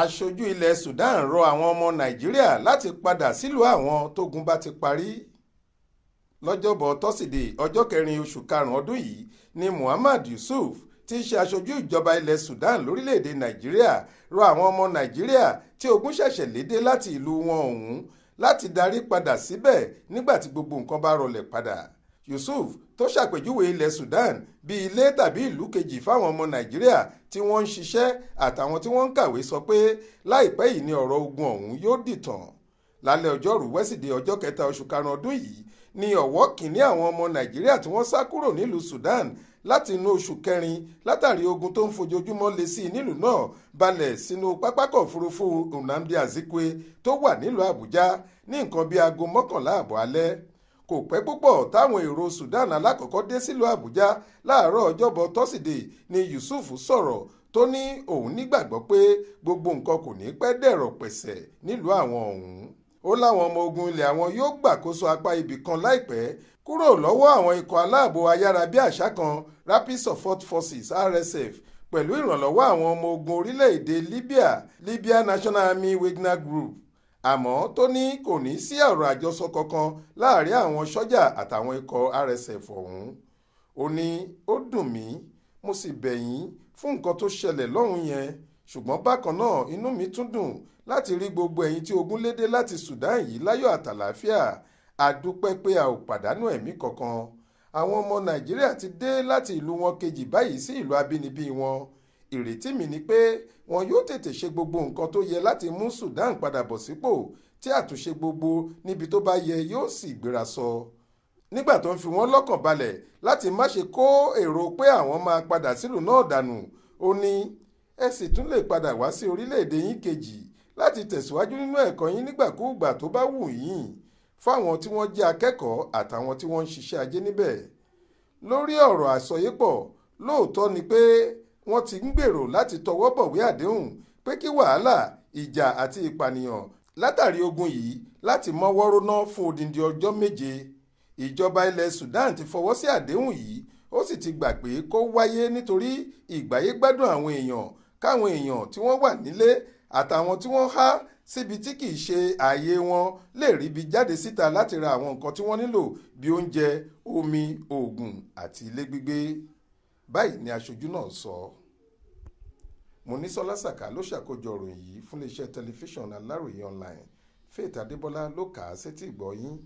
aṣojú ilẹ̀ Sudan rọ àwọn ọmọ Nàìjíríà láti padà sílùú àwọn tógun bá ti parí lọ́jọ́bọ̀ tọ́sídẹ̀ẹ́ ọjọ́ kẹrin oṣù karùn-ún ọdún yìí ni Muhammad Yusuf tí í ṣe aṣojú ìjọba ilẹ̀ Sudan lórílẹ̀‐èdè Nàìjíríà rọ àwọn ọmọ Nàìjíríà tí ogun ṣẹ̀ṣẹ̀ lédè láti ìlú wọn ọ̀hún láti darí padà síbẹ̀ nígbà tí gbogbo nǹkan bá rọlẹ̀ padà Yusuf tó ṣàpèjúwe ilẹ̀ Sudan bíi ilé tàbí ìlú kejì fáwọn ọmọ Nàìjíríà tí wọ́n ń ṣiṣẹ́ àtàwọn tí wọ́n ń kàwé sọ pé láìpẹ́ yìí ni ọ̀rọ̀ ogun ọ̀hún yóò dìtàn lálẹ́ ọjọ́rùú wẹ́sídẹ̀ẹ́ ọjọ́ kẹta oṣù karùn-ún ọdún yìí ni ọ̀wọ́ kìíní àwọn ọmọ Nàìjíríà tí wọ́n sá kúrò nílùú Sudan láti inú oṣù kẹrin látàrí ogun tó ń fojoojúmọ́ le sí i nílùú náà balẹ̀ sínú pápákọ̀ òfurufú Nnamdi Azikwe tó wà nílùú Àbújá ní nǹkan bíi aago mọ́kànlá àbọ̀ alẹ́ kò pẹ́ púpọ̀ táwọn èrò Sudan alákọ̀ọ́kọ́ dé sílùú Àbújá láàárọ̀ ọjọ́bọ̀ tọ́sídẹ̀ẹ́ ni Yusuf sọ̀rọ̀ tó ní òun nígbàgbọ́ pé gbogbo nǹkan kò ní pẹ́ dẹ̀rọ̀ pẹ̀sẹ̀ nílùú àwọn ọ̀hún ó láwọn ọmọ ogun ilẹ̀ àwọn yóò gbàkóso apá ibì kan láìpẹ́ kúrò lọ́wọ́ àwọn ikọ̀ aláàbò ayárabíàṣá kan Rapid Support Forces RSF pẹ̀lú ìrànlọ́wọ́ àwọn ọmọ ogun orílẹ̀-èdè Libya Libya National Army Wagner Group àmọ́ tó ní kò ní sí ọ̀rọ̀ àjọsọ kankan láàrin àwọn sọ́jà àtàwọn ikọ̀ RSF ọ̀hún ó ní ó dùn mí mo sì bẹ̀ yín fún nǹkan tó ṣẹlẹ̀ lọ́hùn yẹn ṣùgbọ́n bákan náà inú mi tún dùn láti rí gbogbo ẹ̀yin tí ogun lédè láti Sudan yìí láyọ̀ àtàlàáfíà a pé a ò pàdánù ẹ̀mí kankan àwọn ọmọ Nàìjíríà ti dé láti ìlú wọn kejì báyìí sí ìlú abínibí wọn ìrètí mi ni pé wọn yóò tètè ṣe gbogbo nǹkan tó yẹ láti mú Sudan padà bọ̀ sípò tí àtúnṣe gbogbo níbi tó bá yẹ yóò sì gbéra sọ nígbà tó ń fi wọ́n lọ́kàn balẹ̀ láti má ṣe kó èrò pé àwọn máa padà sílùú náà dànù ó ní ẹ sì tún lè padà wá sí orílẹ̀-èdè yín kejì láti tẹ̀síwájú nínú ẹ̀kọ́ yín nígbàkúùgbà tó bá wù yín fáwọn tí wọ́n jẹ́ akẹ́kọ̀ọ́ àtàwọn tí wọ́n ń ṣiṣẹ́ ajé níbẹ̀ lórí ọ̀rọ̀ àsọyépọ̀ lóòótọ́ ni pé wọ́n ti ń gbèrò láti tọwọ́ bọ̀wé àdéhùn pé kí wàhálà ìjà àti ìpànìyàn látàrí ogun yìí láti mọ́wọ́ róná fún odindi ọjọ́ méje ìjọba ilẹ̀ Sudan ti fọwọ́ sí àdéhùn yìí ó sì ti gbà pé kó wáyé nítorí ìgbáyégbádùn àwọn èèyàn káwọn èèyàn tí wọ́n wà nílé àtàwọn tí wọ́n há síbi tí kìí ṣe ààyè wọn lè ríbi jáde síta láti ra àwọn nǹkan tí wọ́n nílò bíi oúnjẹ omi oògùn àti ilé gbígbé báyìí ni aṣojú náà sọ Monísọ́lá Sàká ló ṣàkójọ ìròyìn yìí fún iléeṣẹ́ tẹlifíṣàn Aláròye online Faith Adébọ́lá ló kà á sétí ìgbọ́ yín